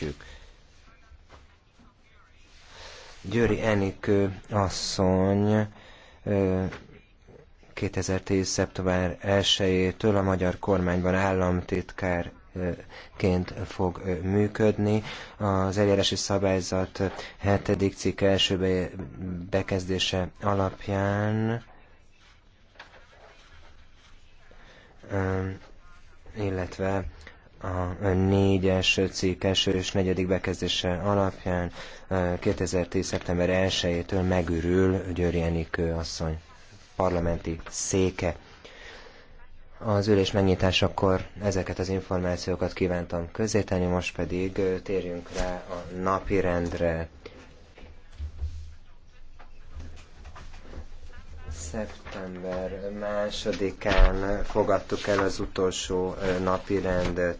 Elvetjük. Győri Enikő asszony 2010. szeptember 1-től a magyar kormányban államtitkár ként fog működni. Az eljárási szabályzat 7. cikk első bekezdése alapján illetve a négyes cikk első és negyedik bekezdése alapján 2010. szeptember 1-től megürül Győri Enikő asszony parlamenti széke. Az ülés megnyitásakor ezeket az információkat kívántam közéteni, most pedig térjünk rá a napi rendre. Szeptember másodikán fogadtuk el az utolsó napi rendet.